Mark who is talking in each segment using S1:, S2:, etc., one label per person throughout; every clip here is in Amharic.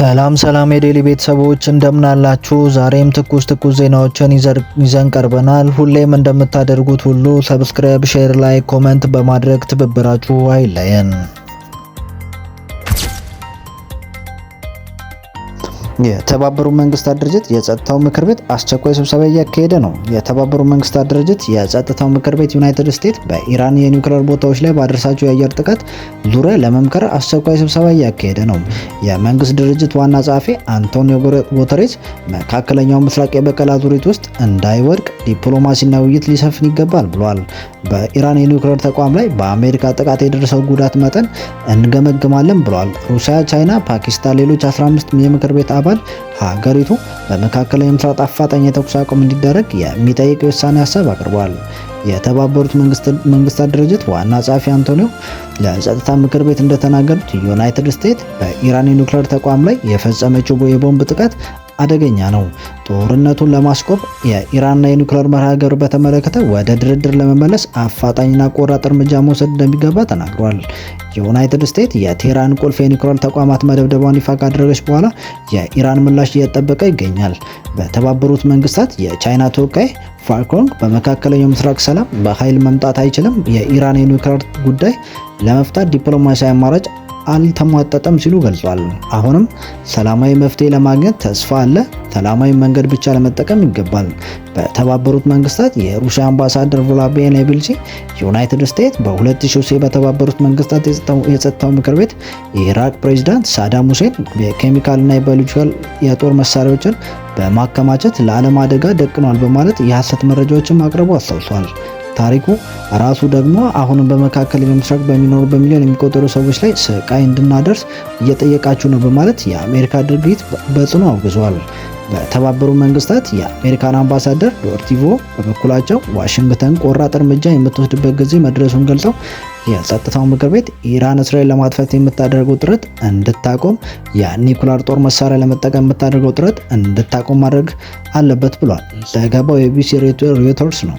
S1: ሰላም ሰላም የዴሊ ቤተሰቦች እንደምናላችሁ ዛሬም ትኩስ ትኩስ ዜናዎችን ይዘን ቀርበናል። ሁሌም እንደምታደርጉት ሁሉ ሰብስክራይብ፣ ሼር፣ ላይክ፣ ኮመንት በማድረግ ትብብራችሁ አይለየን። የተባበሩ መንግስታት ድርጅት የጸጥታው ምክር ቤት አስቸኳይ ስብሰባ እያካሄደ ነው። የተባበሩ መንግስታት ድርጅት የጸጥታው ምክር ቤት ዩናይትድ ስቴትስ በኢራን የኒውክሌር ቦታዎች ላይ ባደረሳቸው የአየር ጥቃት ዙሪያ ለመምከር አስቸኳይ ስብሰባ እያካሄደ ነው። የመንግስት ድርጅት ዋና ጸሐፊ አንቶኒዮ ጉተሬስ መካከለኛው ምስራቅ የበቀል አዙሪት ውስጥ እንዳይወድቅ ዲፕሎማሲና ውይይት ሊሰፍን ይገባል ብሏል። በኢራን የኒውክሌር ተቋም ላይ በአሜሪካ ጥቃት የደረሰው ጉዳት መጠን እንገመግማለን ብሏል። ሩሲያ፣ ቻይና፣ ፓኪስታን ሌሎች 15 የምክር ቤት አባል በማግፋት ሀገሪቱ በመካከለኛው ምስራቅ አፋጣኝ የተኩስ አቁም እንዲደረግ የሚጠይቅ የውሳኔ ሀሳብ አቅርቧል። የተባበሩት መንግስታት ድርጅት ዋና ጸሐፊ አንቶኒዮ ለጸጥታ ምክር ቤት እንደተናገሩት ዩናይትድ ስቴትስ በኢራን የኒውክሌር ተቋም ላይ የፈጸመችው የቦምብ ጥቃት አደገኛ ነው። ጦርነቱን ለማስቆም የኢራንና የኒውክሌር መርሃ ግብር በተመለከተ ወደ ድርድር ለመመለስ አፋጣኝና ቆራጥ እርምጃ መውሰድ እንደሚገባ ተናግሯል። ዩናይትድ ስቴትስ የቴህራን ቁልፍ የኒውክሌር ተቋማት መደብደቧን ይፋ ካደረገች በኋላ የኢራን ምላሽ እየተጠበቀ ይገኛል። በተባበሩት መንግስታት የቻይና ተወካይ ፋልኮንግ በመካከለኛው ምስራቅ ሰላም በኃይል መምጣት አይችልም፣ የኢራን የኒውክሌር ጉዳይ ለመፍታት ዲፕሎማሲያዊ አማራጭ አልተሟጠጠም ሲሉ ገልጿል። አሁንም ሰላማዊ መፍትሄ ለማግኘት ተስፋ አለ። ሰላማዊ መንገድ ብቻ ለመጠቀም ይገባል። በተባበሩት መንግስታት የሩሲያ አምባሳደር ቮሎዲሚር ዜሌንስኪ ዩናይትድ ስቴትስ በ2000 በተባበሩት መንግስታት የጸጥታው ምክር ቤት የኢራቅ ፕሬዚዳንት ሳዳም ሁሴን የኬሚካልና የባዮሎጂካል የጦር መሳሪያዎችን በማከማቸት ለዓለም አደጋ ደቅኗል በማለት የሐሰት መረጃዎችን ማቅረቡ አስታውሷል። ታሪኩ ራሱ ደግሞ አሁንም በመካከለኛው ምስራቅ በሚኖሩ በሚሊዮን የሚቆጠሩ ሰዎች ላይ ስቃይ እንድናደርስ እየጠየቃችሁ ነው በማለት የአሜሪካ ድርጊት በጽኑ አውግዟል። በተባበሩ መንግስታት የአሜሪካን አምባሳደር ዶርቲቮ በበኩላቸው ዋሽንግተን ቆራጥ እርምጃ የምትወስድበት ጊዜ መድረሱን ገልጸው የጸጥታው ምክር ቤት ኢራን እስራኤል ለማጥፋት የምታደርገው ጥረት እንድታቆም የኒኩላር ጦር መሳሪያ ለመጠቀም የምታደርገው ጥረት እንድታቆም ማድረግ አለበት ብሏል። ዘገባው የቢሲ ሬቶርስ ነው።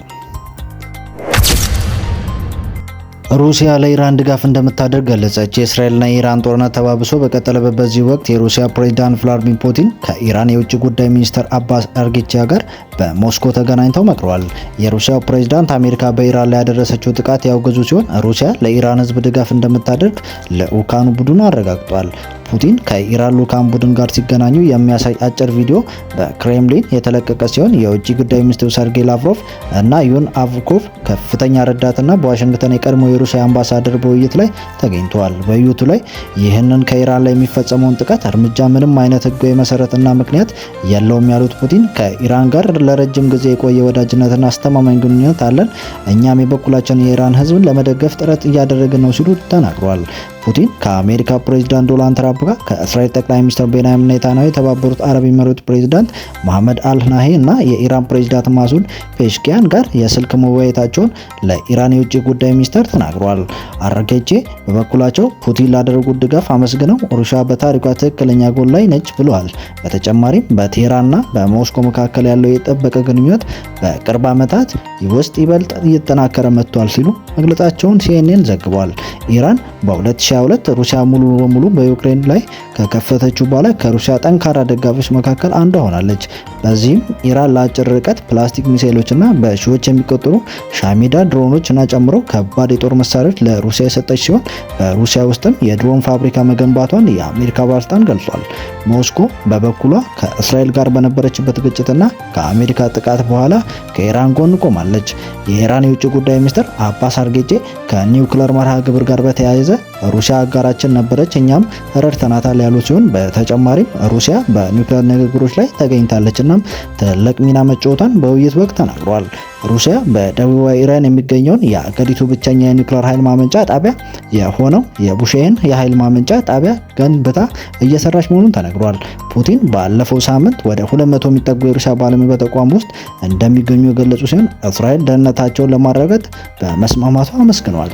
S1: ሩሲያ ለኢራን ድጋፍ እንደምታደርግ ገለጸች። የእስራኤልና የኢራን ጦርነት ተባብሶ በቀጠለበት በዚህ ወቅት የሩሲያ ፕሬዚዳንት ቭላዲሚር ፑቲን ከኢራን የውጭ ጉዳይ ሚኒስትር አባስ አርጊቻ ጋር በሞስኮ ተገናኝተው መክረዋል። የሩሲያው ፕሬዚዳንት አሜሪካ በኢራን ላይ ያደረሰችው ጥቃት ያወገዙ ሲሆን ሩሲያ ለኢራን ሕዝብ ድጋፍ እንደምታደርግ ለኡካኑ ቡድኑ አረጋግጧል። ፑቲን ከኢራን ልዑካን ቡድን ጋር ሲገናኙ የሚያሳይ አጭር ቪዲዮ በክሬምሊን የተለቀቀ ሲሆን የውጭ ጉዳይ ሚኒስትሩ ሰርጌይ ላቭሮቭ እና ዩን አቭኮቭ ከፍተኛ ረዳትና በዋሽንግተን የቀድሞ የሩሲያ አምባሳደር በውይይት ላይ ተገኝተዋል። በውይይቱ ላይ ይህንን ከኢራን ላይ የሚፈጸመውን ጥቃት እርምጃ ምንም አይነት ህጋዊ መሰረትና ምክንያት የለውም ያሉት ፑቲን ከኢራን ጋር ለረጅም ጊዜ የቆየ ወዳጅነትና አስተማማኝ ግንኙነት አለን፣ እኛም የበኩላቸውን የኢራን ህዝብን ለመደገፍ ጥረት እያደረግን ነው ሲሉ ተናግረዋል። ፑቲን ከአሜሪካ ፕሬዚዳንት ዶናልድ ትራምፕ ጋር ከእስራኤል ጠቅላይ ሚኒስትር ቤንያሚን ኔታንያሁ፣ የተባበሩት አረብ ኢሚሬት ፕሬዚዳንት መሐመድ አልናሂ እና የኢራን ፕሬዚዳንት ማሱድ ፔሽኪያን ጋር የስልክ መወያየታቸውን ለኢራን የውጭ ጉዳይ ሚኒስተር ተናግሯል። አረጋቼ በበኩላቸው ፑቲን ላደረጉት ድጋፍ አመስግነው ሩሲያ በታሪኳ ትክክለኛ ጎን ላይ ነች ብለዋል። በተጨማሪም በቴህራንና በሞስኮ መካከል ያለው የጠበቀ ግንኙነት በቅርብ ዓመታት ውስጥ ይበልጥ እየጠናከረ መጥቷል ሲሉ መግለጻቸውን ሲኤንኤን ዘግቧል። ኢራን በ2022 ሩሲያ ሙሉ በሙሉ በዩክሬን ላይ ከከፈተችው በኋላ ከሩሲያ ጠንካራ ደጋፊዎች መካከል አንዷ ሆናለች። በዚህም ኢራን ለአጭር ርቀት ፕላስቲክ ሚሳይሎችና በሺዎች የሚቆጠሩ ሻሚዳ ድሮኖችና ጨምሮ ከባድ የጦር መሳሪያዎች ለሩሲያ የሰጠች ሲሆን በሩሲያ ውስጥም የድሮን ፋብሪካ መገንባቷን የአሜሪካ ባለስልጣን ገልጿል። ሞስኮ በበኩሏ ከእስራኤል ጋር በነበረችበት ግጭትና ከአሜሪካ ጥቃት በኋላ ከኢራን ጎን ቆማለች። የኢራን የውጭ ጉዳይ ሚኒስትር አባስ አርጌጄ ከኒውክለር መርሃ ግብር ጋር በተያያዘ ሩሲያ አጋራችን ነበረች፣ እኛም ረድተናታል ያሉ ሲሆን በተጨማሪም ሩሲያ በኒውክሌር ንግግሮች ላይ ተገኝታለች እናም ትልቅ ሚና መጫወቷን በውይይት ወቅት ተናግሯል። ሩሲያ በደቡባዊ ኢራን የሚገኘውን የአገሪቱ ብቸኛ የኒውክሌር ኃይል ማመንጫ ጣቢያ የሆነው የቡሼን የኃይል ማመንጫ ጣቢያ ገንብታ እየሰራች መሆኑን ተነግሯል። ፑቲን ባለፈው ሳምንት ወደ 200 የሚጠጉ የሩሲያ ባለሙያ በተቋም ውስጥ እንደሚገኙ የገለጹ ሲሆን እስራኤል ደህንነታቸውን ለማረጋገጥ በመስማማቷ አመስግኗል።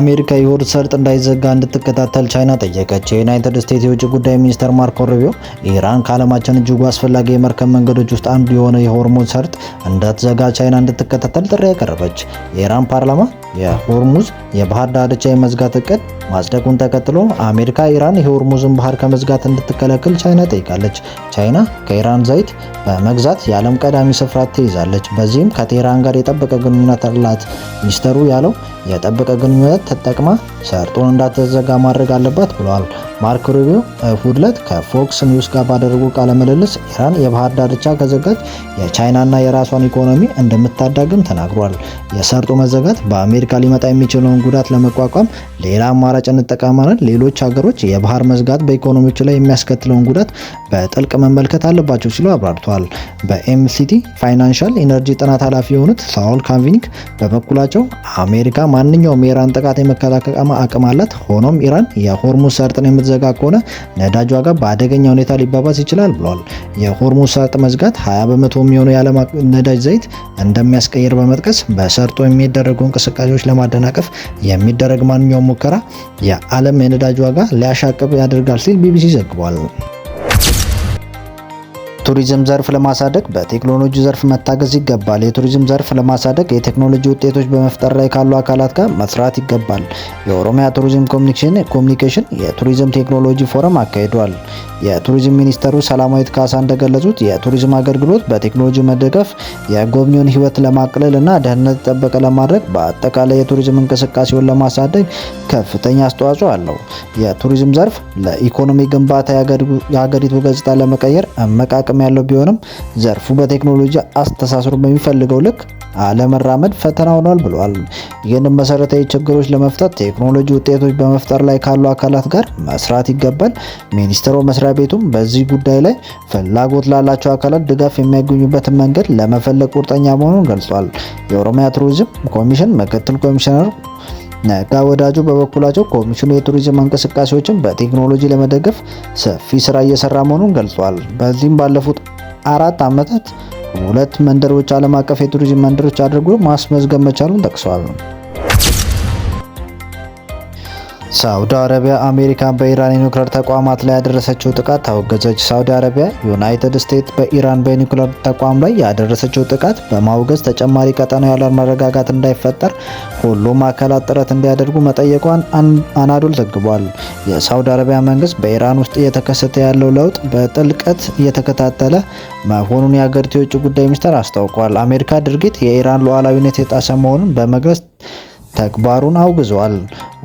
S1: አሜሪካ የሆድ ሰርጥ እንዳይዘጋ እንድትከታተል ቻይና ጠየቀች። የዩናይትድ ስቴትስ የውጭ ጉዳይ ሚኒስትር ማርኮ ሩቢዮ ኢራን ከዓለማችን እጅጉ አስፈላጊ የመርከብ መንገዶች ውስጥ አንዱ የሆነ የሆርሙዝ ሰርጥ እንዳትዘጋ ቻይና እንድትከታተል ጥሪ ያቀረበች። የኢራን ፓርላማ የሆርሙዝ የባህር ዳርቻ የመዝጋት እቅድ ማጽደቁን ተከትሎ አሜሪካ ኢራን የሆርሙዝን ባህር ከመዝጋት እንድትከለክል ቻይና ጠይቃለች። ቻይና ከኢራን ዘይት በመግዛት የዓለም ቀዳሚ ስፍራ ትይዛለች። በዚህም ከቴህራን ጋር የጠበቀ ግንኙነት አላት። ሚስተሩ ያለው የጠበቀ ግንኙነት ተጠቅማ ሰርጡን እንዳትዘጋ ማድረግ አለባት ብለዋል። ማርክ ሩቢዮ እሁድ ዕለት ከፎክስ ኒውስ ጋር ባደረጉ ቃለ ምልልስ ኢራን የባህር ዳርቻ ከዘጋች የቻይናና የራሷን ኢኮኖሚ እንደምታዳግም ተናግሯል። የሰርጡ መዘጋት በአሜሪካ ሊመጣ የሚችለውን ጉዳት ለመቋቋም ሌላ አማራጭ እንጠቀማለን። ሌሎች ሀገሮች የባህር መዝጋት በኢኮኖሚዎቹ ላይ የሚያስከትለውን ጉዳት በጥልቅ መመልከት አለባቸው ሲሉ አብራርተዋል። በኤምሲቲ ፋይናንሻል ኢነርጂ ጥናት ኃላፊ የሆኑት ሳውል ካንቪኒክ በበኩላቸው አሜሪካ ማንኛውም የኢራን ጥቃት የመከላከል አቅም አላት። ሆኖም ኢራን የሆርሙዝ ሰርጥን የምትዘጋ ከሆነ ነዳጅ ዋጋ በአደገኛ ሁኔታ ሊባባስ ይችላል ብለዋል። የሆርሙዝ ሰርጥ መዝጋት 20 በመቶ የሚሆኑ የዓለም ነዳጅ ዘይት እንደሚያስቀይር በመጥቀስ በሰርጦ የሚደረጉ እንቅስቃሴዎች ለማደናቀፍ የሚደረግ ማንኛውም ሙከራ የዓለም የነዳጅ ዋጋ ሊያሻቅብ ያደርጋል ሲል ቢቢሲ ዘግቧል። ቱሪዝም ዘርፍ ለማሳደግ በቴክኖሎጂ ዘርፍ መታገዝ ይገባል። የቱሪዝም ዘርፍ ለማሳደግ የቴክኖሎጂ ውጤቶች በመፍጠር ላይ ካሉ አካላት ጋር መስራት ይገባል። የኦሮሚያ ቱሪዝም ኮሚኒኬሽን የቱሪዝም ቴክኖሎጂ ፎረም አካሂዷል። የቱሪዝም ሚኒስተሩ ሰላማዊት ካሳ እንደገለጹት የቱሪዝም አገልግሎት በቴክኖሎጂ መደገፍ የጎብኚውን ሕይወት ለማቅለል እና ደህንነት ጠበቀ ለማድረግ በአጠቃላይ የቱሪዝም እንቅስቃሴውን ለማሳደግ ከፍተኛ አስተዋጽኦ አለው። የቱሪዝም ዘርፍ ለኢኮኖሚ ግንባታ የሀገሪቱ ገጽታ ለመቀየር አመቃቀም አቅም ያለው ቢሆንም ዘርፉ በቴክኖሎጂ አስተሳስሮ በሚፈልገው ልክ አለመራመድ ፈተና ሆኗል ብሏል። ይህንም መሰረታዊ ችግሮች ለመፍታት ቴክኖሎጂ ውጤቶች በመፍጠር ላይ ካሉ አካላት ጋር መስራት ይገባል። ሚኒስትሩ መስሪያ ቤቱም በዚህ ጉዳይ ላይ ፍላጎት ላላቸው አካላት ድጋፍ የሚያገኙበትን መንገድ ለመፈለግ ቁርጠኛ መሆኑን ገልጿል። የኦሮሚያ ቱሪዝም ኮሚሽን ምክትል ኮሚሽነር ነጋ ወዳጁ በበኩላቸው ኮሚሽኑ የቱሪዝም እንቅስቃሴዎችን በቴክኖሎጂ ለመደገፍ ሰፊ ስራ እየሰራ መሆኑን ገልጿል። በዚህም ባለፉት አራት ዓመታት ሁለት መንደሮች ዓለም አቀፍ የቱሪዝም መንደሮች አድርጎ ማስመዝገብ መቻሉን ጠቅሰዋል። ሳውዲ አረቢያ አሜሪካን በኢራን የኒውክሌር ተቋማት ላይ ያደረሰችው ጥቃት ታወገዘች። ሳውዲ አረቢያ ዩናይትድ ስቴትስ በኢራን በኒውክሌር ተቋም ላይ ያደረሰችው ጥቃት በማውገዝ ተጨማሪ ቀጠናዊ ያለ መረጋጋት እንዳይፈጠር ሁሉም አካላት ጥረት እንዲያደርጉ መጠየቋን አናዶል ዘግቧል። የሳውዲ አረቢያ መንግስት በኢራን ውስጥ እየተከሰተ ያለው ለውጥ በጥልቀት እየተከታተለ መሆኑን የአገሪቱ የውጭ ጉዳይ ሚኒስቴር አስታውቋል። አሜሪካ ድርጊት የኢራን ሉዓላዊነት የጣሰ መሆኑን በመግለጽ ተግባሩን አውግዟል።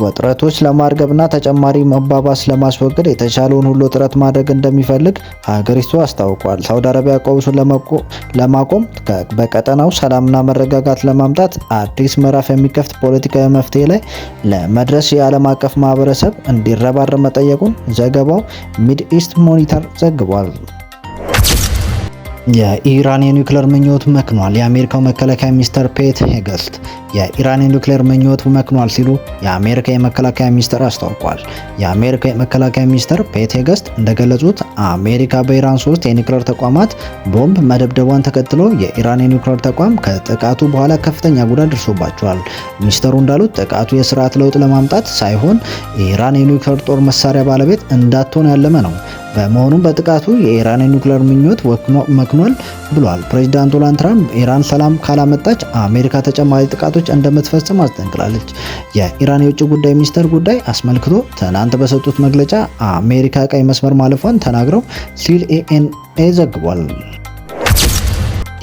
S1: ውጥረቶች ለማርገብና ተጨማሪ መባባስ ለማስወገድ የተቻለውን ሁሉ ጥረት ማድረግ እንደሚፈልግ ሀገሪቱ አስታውቋል። ሳውዲ አረቢያ ቀውሱን ለማቆም በቀጠናው ሰላምና መረጋጋት ለማምጣት አዲስ ምዕራፍ የሚከፍት ፖለቲካዊ መፍትሄ ላይ ለመድረስ የዓለም አቀፍ ማህበረሰብ እንዲረባረብ መጠየቁን ዘገባው ሚድ ኢስት ሞኒተር ዘግቧል። የኢራን የኒውክሌር ምኞት መክኗል። የአሜሪካው መከላከያ ሚኒስተር ፔት ሄገስት የኢራን የኒውክሌር ምኞት መክኗል ሲሉ የአሜሪካ የመከላከያ ሚኒስተር አስታውቋል። የአሜሪካ የመከላከያ ሚኒስተር ፔት ሄገስት እንደገለጹት አሜሪካ በኢራን ሶስት የኒውክሌር ተቋማት ቦምብ መደብደቧን ተከትሎ የኢራን የኒውክሌር ተቋም ከጥቃቱ በኋላ ከፍተኛ ጉዳት ደርሶባቸዋል። ሚኒስተሩ እንዳሉት ጥቃቱ የስርዓት ለውጥ ለማምጣት ሳይሆን ኢራን የኒውክሌር ጦር መሳሪያ ባለቤት እንዳትሆን ያለመ ነው። በመሆኑም በጥቃቱ የኢራን የኒውክሌር ምኞት መክኗል ብሏል። ፕሬዚዳንት ዶናልድ ትራምፕ ኢራን ሰላም ካላመጣች አሜሪካ ተጨማሪ ጥቃቶች እንደምትፈጽም አስጠንቅላለች። የኢራን የውጭ ጉዳይ ሚኒስተር ጉዳይ አስመልክቶ ትናንት በሰጡት መግለጫ አሜሪካ ቀይ መስመር ማለፏን ተናግረው ሲል ኤኤንኤ ዘግቧል።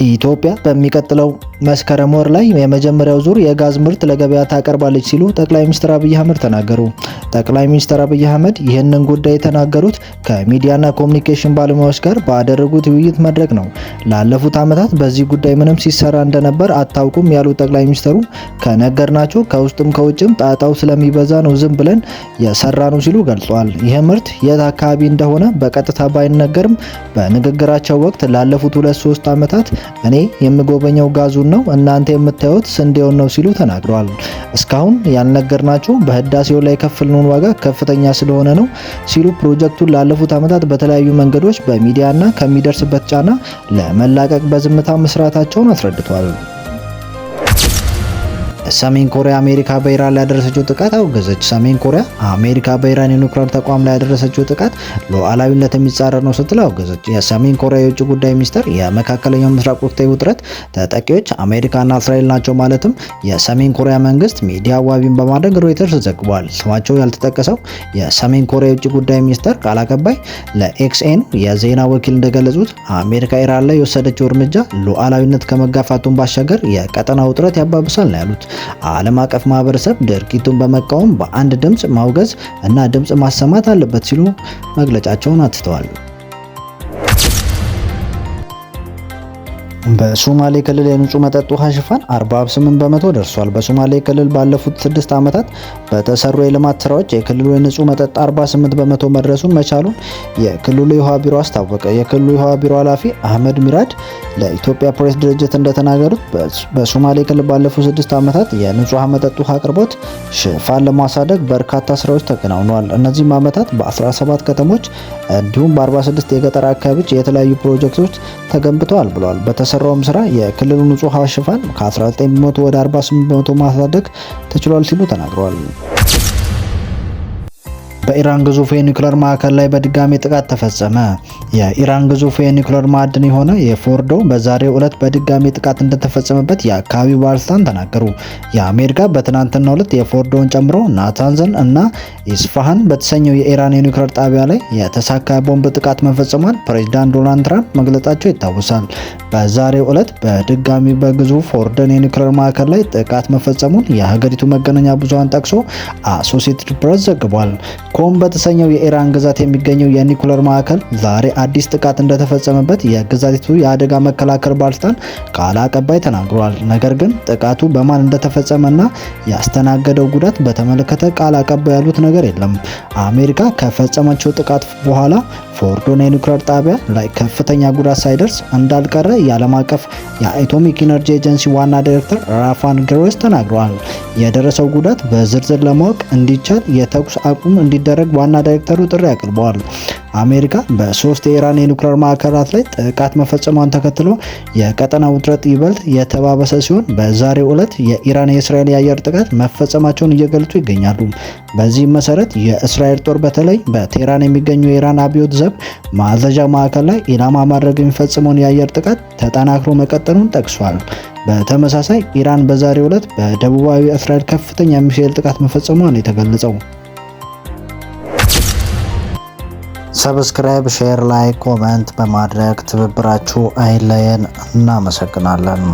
S1: ኢትዮጵያ በሚቀጥለው መስከረም ወር ላይ የመጀመሪያው ዙር የጋዝ ምርት ለገበያ ታቀርባለች ሲሉ ጠቅላይ ሚኒስትር አብይ አህመድ ተናገሩ። ጠቅላይ ሚኒስትር አብይ አህመድ ይህንን ጉዳይ የተናገሩት ከሚዲያና ኮሚኒኬሽን ባለሙያዎች ጋር ባደረጉት ውይይት መድረክ ነው። ላለፉት ዓመታት በዚህ ጉዳይ ምንም ሲሰራ እንደነበር አታውቁም ያሉት ጠቅላይ ሚኒስትሩ ከነገርናቸው ከውስጥም ከውጭም ጣጣው ስለሚበዛ ነው ዝም ብለን የሰራ ነው ሲሉ ገልጿል። ይህ ምርት የት አካባቢ እንደሆነ በቀጥታ ባይነገርም በንግግራቸው ወቅት ላለፉት ሁለት ሶስት ዓመታት እኔ የምጎበኘው ጋዙን ነው፣ እናንተ የምታዩት ስንዴውን ነው ሲሉ ተናግረዋል። እስካሁን ያልነገርናቸው በህዳሴው ላይ የከፈልነውን ዋጋ ከፍተኛ ስለሆነ ነው ሲሉ ፕሮጀክቱን ላለፉት ዓመታት በተለያዩ መንገዶች በሚዲያና ከሚደርስበት ጫና ለመላቀቅ በዝምታ መስራታቸውን አስረድቷል። ሰሜን ኮሪያ አሜሪካ በኢራን ላይ ያደረሰችው ጥቃት አውገዘች። ሰሜን ኮሪያ አሜሪካ በኢራን የኑክሌር ተቋም ላይ ያደረሰችው ጥቃት ሉዓላዊነት የሚጻረር ነው ስትል አውገዘች። የሰሜን ኮሪያ የውጭ ጉዳይ ሚኒስትር የመካከለኛው ምስራቅ ወቅታዊ ውጥረት ተጠቂዎች አሜሪካና እስራኤል ናቸው ማለትም የሰሜን ኮሪያ መንግስት ሚዲያ ዋቢን በማድረግ ሮይተርስ ዘግቧል። ስማቸው ያልተጠቀሰው የሰሜን ኮሪያ የውጭ ጉዳይ ሚኒስትር ቃል አቀባይ ለኤክስኤን የዜና ወኪል እንደገለጹት አሜሪካ ኢራን ላይ የወሰደችው እርምጃ ሉዓላዊነት ከመጋፋቱን ባሻገር የቀጠና ውጥረት ያባብሳል ነው ያሉት። ዓለም አቀፍ ማህበረሰብ ድርጊቱን በመቃወም በአንድ ድምፅ ማውገዝ እና ድምፅ ማሰማት አለበት ሲሉ መግለጫቸውን አትተዋል። በሶማሌ ክልል የንጹህ መጠጥ ውሃ ሽፋን 48 በመቶ ደርሷል። በሶማሌ ክልል ባለፉት ስድስት ዓመታት በተሰሩ የልማት ስራዎች የክልሉ የንጹህ መጠጥ 48 በመቶ መድረሱን መቻሉን የክልሉ የውሃ ቢሮ አስታወቀ። የክልሉ የውሃ ቢሮ ኃላፊ አህመድ ሚራድ ለኢትዮጵያ ፕሬስ ድርጅት እንደተናገሩት በሶማሌ ክልል ባለፉት ስድስት ዓመታት የንጹህ መጠጥ ውሃ አቅርቦት ሽፋን ለማሳደግ በርካታ ስራዎች ተከናውነዋል። እነዚህም ዓመታት በ17 ከተሞች እንዲሁም በ46 የገጠር አካባቢዎች የተለያዩ ፕሮጀክቶች ተገንብተዋል ብለዋል። በተሰራውም ስራ የክልሉን ንጹህ ውሃ ሽፋን ከ19 በመቶ ወደ 48 በመቶ ማሳደግ ተችሏል ሲሉ ተናግረዋል። በኢራን ግዙፍ የኒውክሌር ማዕከል ላይ በድጋሚ ጥቃት ተፈጸመ። የኢራን ግዙፍ የኒውክሌር ማዕድን የሆነ የፎርዶ በዛሬው ዕለት በድጋሚ ጥቃት እንደተፈጸመበት የአካባቢው ባለስልጣን ተናገሩ። የአሜሪካ በትናንትና ዕለት የፎርዶን ጨምሮ ናታንዘን እና ኢስፋሃን በተሰኘው የኢራን የኒውክሌር ጣቢያ ላይ የተሳካ ቦምብ ጥቃት መፈጸሟን ፕሬዚዳንት ዶናልድ ትራምፕ መግለጻቸው ይታወሳል። በዛሬው ዕለት በድጋሚ በግዙፍ ፎርደን የኒውክሌር ማዕከል ላይ ጥቃት መፈጸሙን የሀገሪቱ መገናኛ ብዙሃን ጠቅሶ አሶሲየትድ ፕሬስ ዘግቧል። ቆም በተሰኘው የኢራን ግዛት የሚገኘው የኒኩለር ማዕከል ዛሬ አዲስ ጥቃት እንደተፈጸመበት የግዛቲቱ የአደጋ መከላከል ባለስልጣን ቃል አቀባይ ተናግሯል። ነገር ግን ጥቃቱ በማን እንደተፈጸመና ያስተናገደው ጉዳት በተመለከተ ቃል አቀባይ ያሉት ነገር የለም። አሜሪካ ከፈጸመችው ጥቃት በኋላ ፎርዶን የኒኩለር ጣቢያ ላይ ከፍተኛ ጉዳት ሳይደርስ እንዳልቀረ የዓለም አቀፍ የአቶሚክ ኢነርጂ ኤጀንሲ ዋና ዳይሬክተር ራፋን ግሮስ ተናግረዋል። የደረሰው ጉዳት በዝርዝር ለማወቅ እንዲቻል የተኩስ አቁም እንዲደረግ ዋና ዳይሬክተሩ ጥሪ አቅርበዋል። አሜሪካ በሶስት የኢራን የኒውክሌር ማዕከላት ላይ ጥቃት መፈጸሟን ተከትሎ የቀጠና ውጥረት ይበልጥ የተባበሰ ሲሆን በዛሬው ዕለት የኢራን የእስራኤል የአየር ጥቃት መፈጸማቸውን እየገለጹ ይገኛሉ። በዚህም መሰረት የእስራኤል ጦር በተለይ በቴህራን የሚገኙ የኢራን አብዮት ዘብ ማዘዣ ማዕከል ላይ ኢላማ ማድረግ የሚፈጽመውን የአየር ጥቃት ተጠናክሮ መቀጠሉን ጠቅሷል። በተመሳሳይ ኢራን በዛሬው ዕለት በደቡባዊ እስራኤል ከፍተኛ ሚሳኤል ጥቃት መፈጸሟን የተገለጸው ሰብስክራይብ፣ ሼር ላይ ኮመንት በማድረግ ትብብራችሁ አይለየን። እናመሰግናለን።